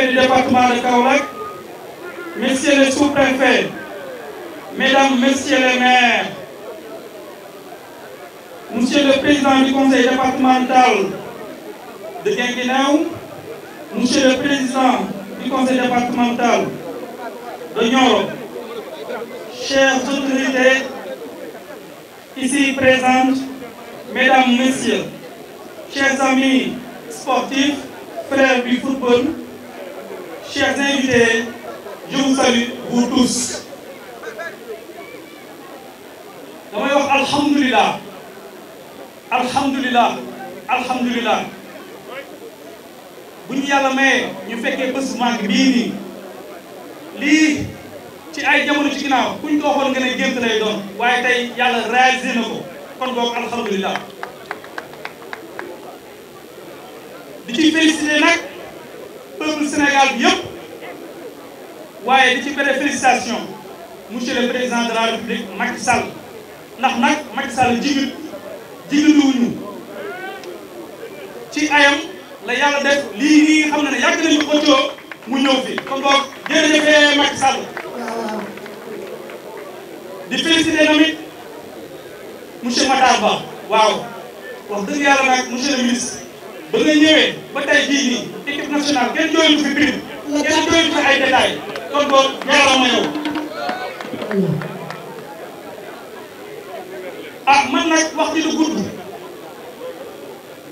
préfet du département de Kaolack messieurs les sous-préfets mesdames messieurs les maires monsieur le président du conseil départemental de Guinguinéo monsieur le président du conseil départemental de Nioro chères autorités ici présentes mesdames messieurs chers amis sportifs frères du football chers invités, je vous salue, vous tous. damay wax alhamdulilah bu ñu yàlla mayee ñu fekkee bés bu màgg bii lii ci ay jamono ci ginnaaw kuñ ko waxoon nga ne gént doon waaye tey yàlla réalisé na ko kon boog alhamdulilah di ci félicité nag peuple Sénégal bi yëpp. waaye di ci bëre félicitation monsieur le président de la république Macky Sall ndax nag Macky Sall ci ayam la yàlla def lii nii na ne yàgg nañu xëccoo mu ñëw fi kon boog jërëjëfee Macky Sall di féliciter tamit monsieur waaw wax dëgg yàlla nag monsieur le ministre ba nga ñëwee ba équipe nationale kenn jooylu fi biir kenn jooylu fi ay détails kon boog yow ah man nag wax ji lu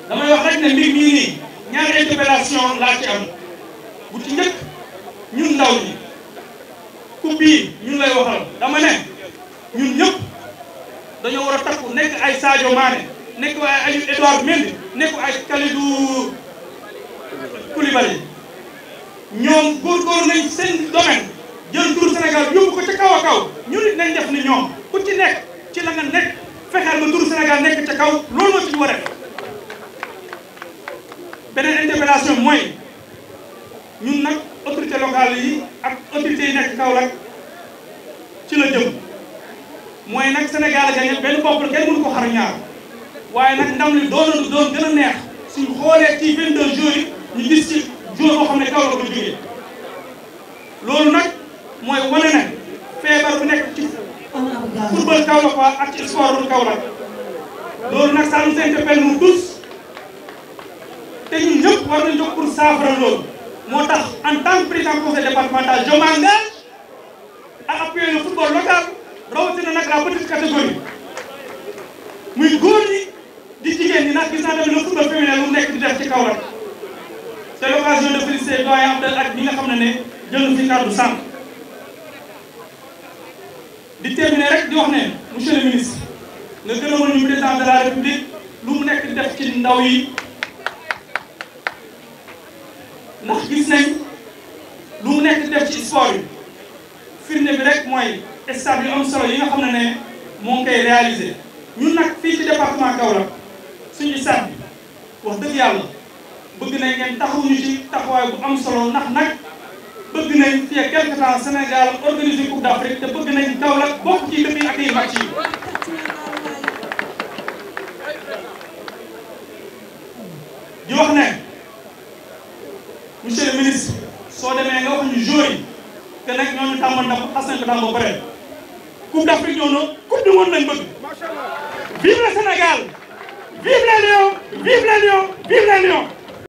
damay wax rek ne mbir mii nii ñaari interpellation laa ci am bu ci njëkk ñun ndaw ñi ku bii ñun lay waxal dama ne ñun ñëpp dañoo war a takku nekk ay Sadio Mané nekk ay Aliou Edouard Mendy nekk ay Kalidou Koulibaly ñoom góorgóorlu nañ seen domaine jël tur Sénégal yóbbu ko ca kaw a kaw ñu nit nañ def ni ñoom ku ci nekk ci la nga nekk fexeel ba tur Sénégal nekk ca kaw loolu moo ci war a def beneen interpellation mooy ñun nag autorité locale yi ak autorité yi nekk Kaolack ci la jëm mooy nag Sénégal gañe benn bopp la kenn mënu ko xar ñaar waaye nag ndaw li doon doon neex suñ xoolee ci 22 jours yi ñu gis ci loolu nag mooy wane ne feebar bu nekk ci football Kaolack waa ak ci sportul Kaolack loolu nag ça nous interpelle nous tous te ñun ñëpp war nañ jóg pour saafara loolu moo tax en tant que président conseil départemental je m'engage à appuyer le football local rawatina nag la petite catégorie muy góor di jigéen nag gis naa tamit le football nekk di def ci Kaolack c'est l'occasion de féliciter doyen Abdel ak ñi nga xam ne ne jëlu fi kàddu sànq di terminer rek di wax ne monsieur le ministre nga gërëmal ñu président de la république lu mu nekk def ci ndaw yi ndax gis nañ lu mu nekk def ci sport yi firnde bi rek mooy stade yu am solo yi nga xam ne ne moo ngay koy ñu ñun nag fii ci département Kaolack suñu stade bi wax dëgg yàlla bëgg nañ ngeen taxawuñu ci taxawaay bu am solo ndax nag bëgg nañ fii ak quelque temps Sénégal organiser coupe d'Afrique te bëgg nañ Kaolack bokk ci dëkk yi ak ay match yi. di wax ne monsieur le ministre soo demee nga wax ñu joueurs yi te nag ñooñu tàmbali ndax xas nañ ko tàmbali ba pare. coupe d'Afrique ñëw na coupe du monde lañ bëgg. vive le vive les Lions vive les Lions vive les Lions.